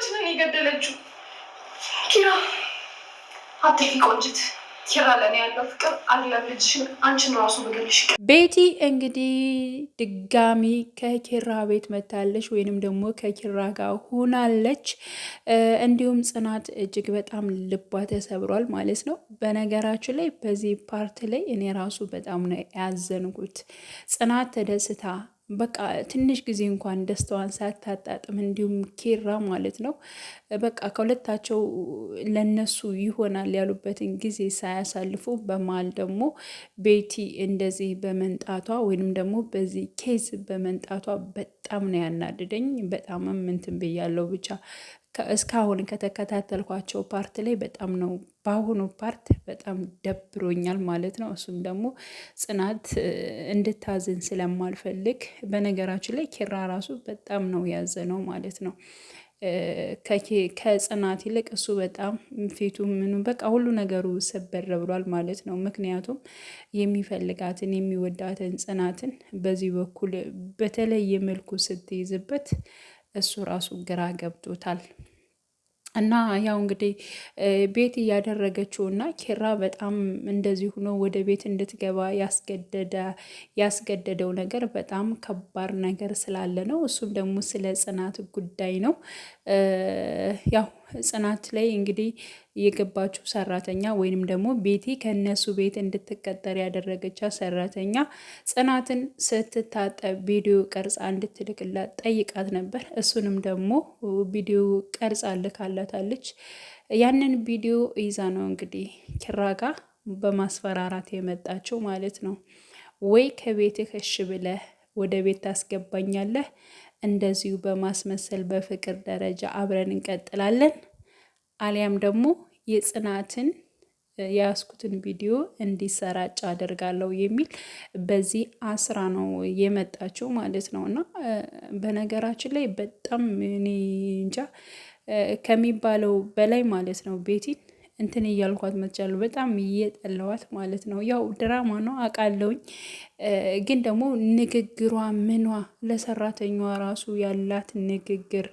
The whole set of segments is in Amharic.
ሁላችንን የገደለችው ኪራ። አትፊ ቆንጅት ኪራ፣ ለእኔ ያለው ፍቅር አለ ልጅሽን አንቺን ራሱ ብገልሽ። ቤቲ እንግዲህ ድጋሚ ከኪራ ቤት መታለች፣ ወይንም ደግሞ ከኪራ ጋር ሆናለች። እንዲሁም ጽናት እጅግ በጣም ልቧ ተሰብሯል ማለት ነው። በነገራችን ላይ በዚህ ፓርት ላይ እኔ ራሱ በጣም ነው ያዘንኩት ጽናት ተደስታ በቃ ትንሽ ጊዜ እንኳን ደስታዋን ሳታጣጥም እንዲሁም ኬራ ማለት ነው በቃ ከሁለታቸው ለነሱ ይሆናል ያሉበትን ጊዜ ሳያሳልፉ በመሀል ደግሞ ቤቲ እንደዚህ በመንጣቷ ወይንም ደግሞ በዚህ ኬዝ በመንጣቷ በጣም ነው ያናድደኝ። በጣምም ምንትን ብያለው ብቻ እስካሁን ከተከታተልኳቸው ፓርት ላይ በጣም ነው በአሁኑ ፓርት በጣም ደብሮኛል ማለት ነው። እሱም ደግሞ ጽናት እንድታዝን ስለማልፈልግ በነገራችን ላይ ኪራ ራሱ በጣም ነው ያዘነው ማለት ነው። ከጽናት ይልቅ እሱ በጣም ፊቱ ምኑ በቃ ሁሉ ነገሩ ሰበር ብሏል ማለት ነው። ምክንያቱም የሚፈልጋትን የሚወዳትን ጽናትን በዚህ በኩል በተለየ መልኩ ስትይዝበት እሱ ራሱ ግራ ገብቶታል። እና ያው እንግዲህ ቤት እያደረገችው እና ኬራ በጣም እንደዚህ ሆኖ ወደ ቤት እንድትገባ ያስገደደ ያስገደደው ነገር በጣም ከባድ ነገር ስላለ ነው። እሱም ደግሞ ስለ ጽናት ጉዳይ ነው። ያው ጽናት ላይ እንግዲህ የገባችው ሰራተኛ ወይንም ደግሞ ቤቲ ከነሱ ቤት እንድትቀጠር ያደረገቻት ሰራተኛ ጽናትን ስትታጠብ ቪዲዮ ቀርጻ እንድትልክላት ጠይቃት ነበር። እሱንም ደግሞ ቪዲዮ ቀርጻ ልካላታለች። ያንን ቪዲዮ ይዛ ነው እንግዲህ ኪራ በማስፈራራት የመጣችው ማለት ነው። ወይ ከቤትህ እሽ ብለህ ወደ ቤት ታስገባኛለህ፣ እንደዚሁ በማስመሰል በፍቅር ደረጃ አብረን እንቀጥላለን አሊያም ደግሞ የጽናትን የያዝኩትን ቪዲዮ እንዲሰራጭ አደርጋለሁ የሚል በዚህ አስራ ነው የመጣችው ማለት ነው። እና በነገራችን ላይ በጣም እኔ እንጃ ከሚባለው በላይ ማለት ነው ቤቲን እንትን እያልኳት መትቻለሁ። በጣም እየጠለዋት ማለት ነው። ያው ድራማ ነው አውቃለሁኝ፣ ግን ደግሞ ንግግሯ ምኗ ለሰራተኛዋ ራሱ ያላት ንግግር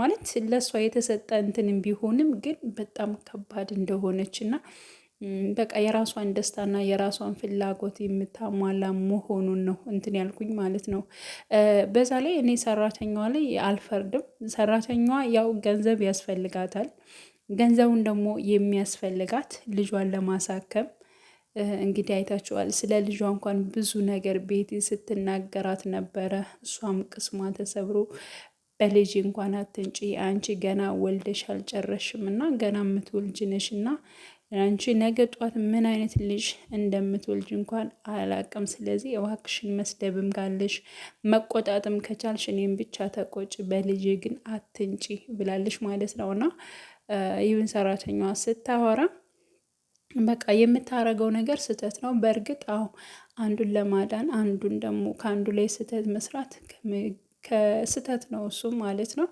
ማለት ለእሷ የተሰጠ እንትንም ቢሆንም ግን በጣም ከባድ እንደሆነች እና በቃ የራሷን ደስታና የራሷን ፍላጎት የምታሟላ መሆኑን ነው እንትን ያልኩኝ ማለት ነው። በዛ ላይ እኔ ሰራተኛዋ ላይ አልፈርድም። ሰራተኛዋ ያው ገንዘብ ያስፈልጋታል። ገንዘቡን ደግሞ የሚያስፈልጋት ልጇን ለማሳከም እንግዲህ አይታችኋል። ስለ ልጇ እንኳን ብዙ ነገር ቤቲ ስትናገራት ነበረ። እሷም ቅስሟ ተሰብሮ በልጅ እንኳን አትንጪ አንቺ ገና ወልደሽ አልጨረሽም እና ገና የምትወልጅ ነሽ እና አንቺ ነገ ጧት ምን አይነት ልጅ እንደምትወልጅ እንኳን አላቅም። ስለዚህ እባክሽን መስደብም ካለሽ መቆጣጥም ከቻልሽ እኔም ብቻ ተቆጭ፣ በልጅ ግን አትንጪ ብላለሽ ማለት ነው እና ይህን ሰራተኛዋ ስታወራ በቃ የምታረገው ነገር ስህተት ነው። በእርግጥ አዎ አንዱን ለማዳን አንዱን ደግሞ ከአንዱ ላይ ስህተት መስራት ከስህተት ነው እሱ ማለት ነው።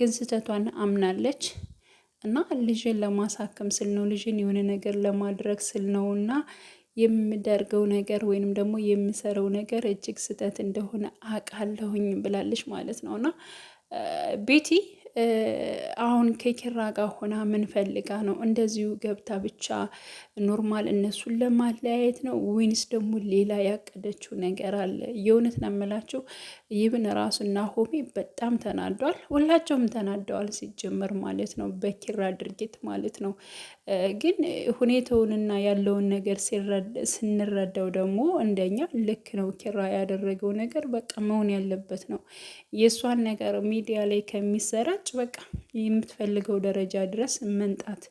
ግን ስህተቷን አምናለች እና ልጅን ለማሳከም ስል ነው ልጅን የሆነ ነገር ለማድረግ ስል ነው እና የምደርገው ነገር ወይንም ደግሞ የምሰረው ነገር እጅግ ስህተት እንደሆነ አውቃለሁኝ ብላለች ማለት ነው እና ቤቲ አሁን ከኪራ ጋር ሆና ምን ፈልጋ ነው? እንደዚሁ ገብታ ብቻ ኖርማል እነሱን ለማለያየት ነው ወይንስ ደግሞ ሌላ ያቀደችው ነገር አለ? የእውነት ነው የምላችሁ። ይብን ራሱና ሆሜ በጣም ተናዷል። ሁላቸውም ተናደዋል ሲጀመር ማለት ነው፣ በኪራ ድርጊት ማለት ነው። ግን ሁኔታውንና ያለውን ነገር ስንረዳው ደግሞ እንደኛ ልክ ነው ኪራ ያደረገው ነገር በቃ መሆን ያለበት ነው። የእሷን ነገር ሚዲያ ላይ ከሚሰራ ቁጭ በቃ የምትፈልገው ደረጃ ድረስ መንጣት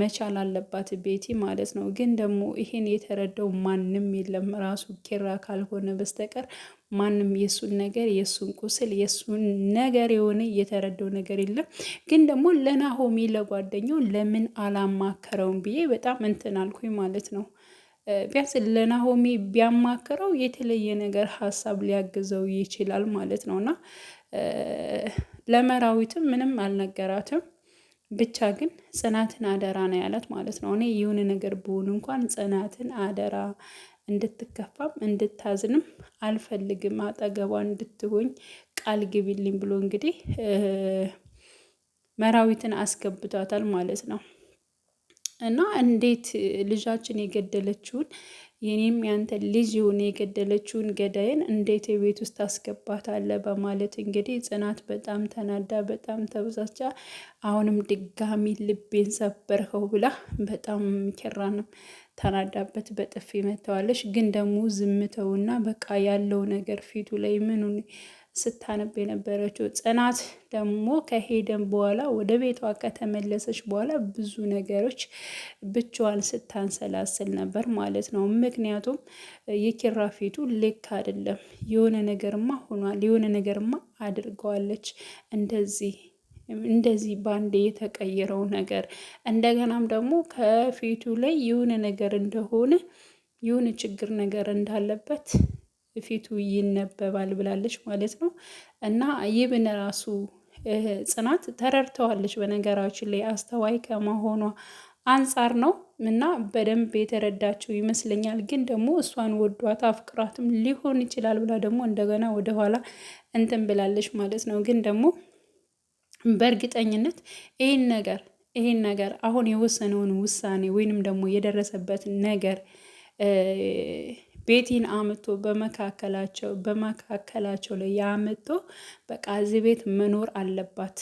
መቻል አለባት ቤቲ ማለት ነው። ግን ደግሞ ይሄን የተረዳው ማንም የለም ራሱ ኬራ ካልሆነ በስተቀር ማንም የእሱን ነገር የእሱን ቁስል የእሱን ነገር የሆነ እየተረዳው ነገር የለም። ግን ደግሞ ለናሆሚ ለጓደኛው ለምን አላማከረውም ብዬ በጣም እንትን አልኩኝ ማለት ነው። ቢያንስ ለናሆሚ ቢያማከረው የተለየ ነገር ሀሳብ ሊያግዘው ይችላል ማለት ነው እና ለመራዊትም ምንም አልነገራትም። ብቻ ግን ጽናትን አደራ ነው ያላት ማለት ነው። እኔ የሆነ ነገር ብሆን እንኳን ጽናትን አደራ እንድትከፋም እንድታዝንም አልፈልግም፣ አጠገቧ እንድትሆኝ ቃል ግቢልኝ ብሎ እንግዲህ መራዊትን አስገብቷታል ማለት ነው። እና እንዴት ልጃችን የገደለችውን የኔም ያንተ ልጅ የሆነ የገደለችውን ገዳይን እንዴት የቤት ውስጥ አስገባታለ በማለት እንግዲህ ጽናት በጣም ተናዳ በጣም ተበሳጫ፣ አሁንም ድጋሚ ልቤን ሰበርኸው ብላ በጣም ኪራንም ተናዳበት በጥፊ መታዋለች። ግን ደግሞ ዝምተውና በቃ ያለው ነገር ፊቱ ላይ ምኑን ስታነብ የነበረችው ጽናት ደግሞ ከሄደን በኋላ ወደ ቤቷ ከተመለሰች በኋላ ብዙ ነገሮች ብቻዋን ስታንሰላስል ነበር ማለት ነው። ምክንያቱም የኪራ ፊቱ ልክ አይደለም። የሆነ ነገርማ ሆኗል፣ የሆነ ነገርማ አድርገዋለች። እንደዚህ እንደዚህ ባንዴ የተቀየረው ነገር እንደገናም ደግሞ ከፊቱ ላይ የሆነ ነገር እንደሆነ የሆነ ችግር ነገር እንዳለበት ፊቱ ይነበባል ብላለች ማለት ነው። እና ይብን ራሱ ጽናት ተረድተዋለች። በነገራችን ላይ አስተዋይ ከመሆኗ አንጻር ነው እና በደንብ የተረዳችው ይመስለኛል። ግን ደግሞ እሷን ወዷት አፍቅራትም ሊሆን ይችላል ብላ ደግሞ እንደገና ወደኋላ እንትን ብላለች ማለት ነው። ግን ደግሞ በእርግጠኝነት ይህን ነገር ይህን ነገር አሁን የወሰነውን ውሳኔ ወይንም ደግሞ የደረሰበት ነገር ቤቲን አምቶ በመካከላቸው በመካከላቸው ላይ ያምቶ በቃ እዚህ ቤት መኖር አለባት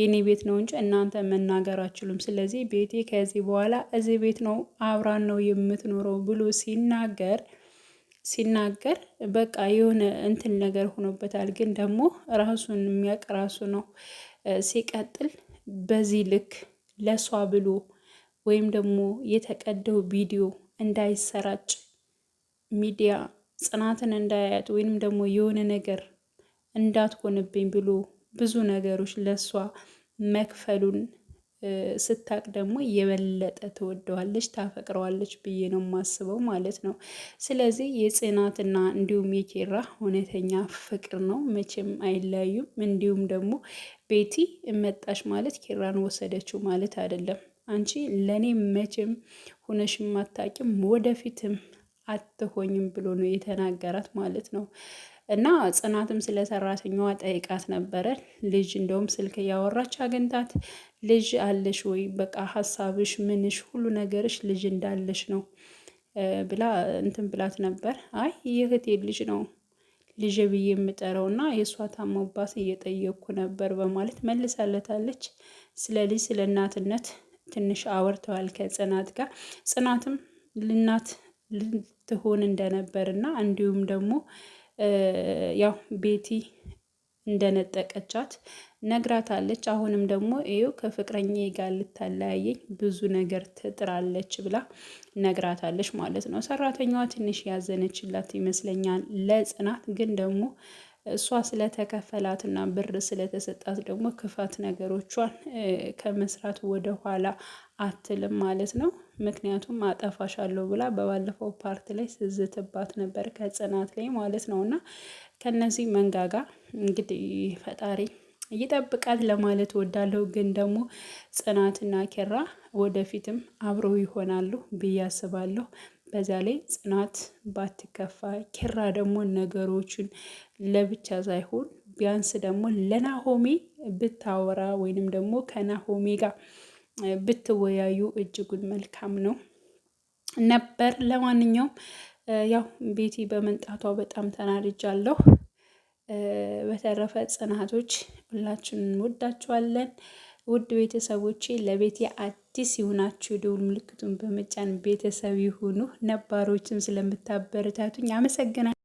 የኔ ቤት ነው እንጂ እናንተ መናገር አችሉም። ስለዚህ ቤቴ ከዚህ በኋላ እዚህ ቤት ነው አብራን ነው የምትኖረው ብሎ ሲናገር ሲናገር በቃ የሆነ እንትን ነገር ሆኖበታል። ግን ደግሞ ራሱን የሚያውቅ ራሱ ነው። ሲቀጥል በዚህ ልክ ለሷ ብሎ ወይም ደግሞ የተቀደው ቪዲዮ እንዳይሰራጭ ሚዲያ ጽናትን እንዳያያት ወይንም ደግሞ የሆነ ነገር እንዳትሆንብኝ ብሎ ብዙ ነገሮች ለእሷ መክፈሉን ስታቅ ደግሞ የበለጠ ትወደዋለች፣ ታፈቅረዋለች ብዬ ነው የማስበው ማለት ነው። ስለዚህ የጽናትና እንዲሁም የኬራ እውነተኛ ፍቅር ነው፣ መቼም አይለያዩም። እንዲሁም ደግሞ ቤቲ መጣች ማለት ኬራን ወሰደችው ማለት አይደለም። አንቺ ለእኔ መቼም ሆነሽ አታውቂም፣ ወደፊትም አትሆኝም ብሎ ነው የተናገራት ማለት ነው። እና ጽናትም ስለ ሰራተኛዋ ጠይቃት ነበረ። ልጅ እንደውም ስልክ እያወራች አግኝታት ልጅ አለሽ ወይ በቃ ሀሳብሽ ምንሽ ሁሉ ነገርሽ ልጅ እንዳለሽ ነው ብላ እንትን ብላት ነበር። አይ የእህቴ ልጅ ነው ልጅ ብዬ የምጠረው እና የእሷ ታሞባት እየጠየቅኩ ነበር በማለት መልሳለታለች። ስለ ልጅ ስለ እናትነት ትንሽ አወርተዋል ከጽናት ጋር ጽናትም ልናት ልትሆን እንደነበርና እንዲሁም ደግሞ ያው ቤቲ እንደነጠቀቻት ነግራታለች። አሁንም ደግሞ ይኸው ከፍቅረኛ ጋር ልታለያየኝ ብዙ ነገር ትጥራለች ብላ ነግራታለች ማለት ነው። ሰራተኛዋ ትንሽ ያዘነችላት ይመስለኛል ለጽናት ግን ደግሞ እሷ ስለተከፈላትና ብር ስለተሰጣት ደግሞ ክፋት ነገሮቿን ከመስራት ወደኋላ አትልም ማለት ነው። ምክንያቱም አጠፋሻለሁ ብላ በባለፈው ፓርት ላይ ስዝትባት ነበር ከጽናት ላይ ማለት ነው። እና ከነዚህ መንጋጋ እንግዲህ ፈጣሪ እይጠብቃት ለማለት ወዳለሁ። ግን ደግሞ ጽናትና ኬራ ወደፊትም አብረው ይሆናሉ ብዬ አስባለሁ። በዛ ላይ ጽናት ባትከፋ፣ ኬራ ደግሞ ነገሮችን ለብቻ ሳይሆን ቢያንስ ደግሞ ለናሆሜ ብታወራ ወይንም ደግሞ ከናሆሜ ጋር ብትወያዩ እጅጉን መልካም ነው ነበር። ለማንኛውም ያው ቤቲ በመንጣቷ በጣም ተናድጃለሁ። በተረፈ ጽናቶች ሁላችንን እንወዳችኋለን። ውድ ቤተሰቦቼ ለቤቴ አዲስ ይሁናችሁ፣ የደውል ምልክቱን በመጫን ቤተሰብ ይሁኑ። ነባሮችን ስለምታበረታቱኝ አመሰግናል።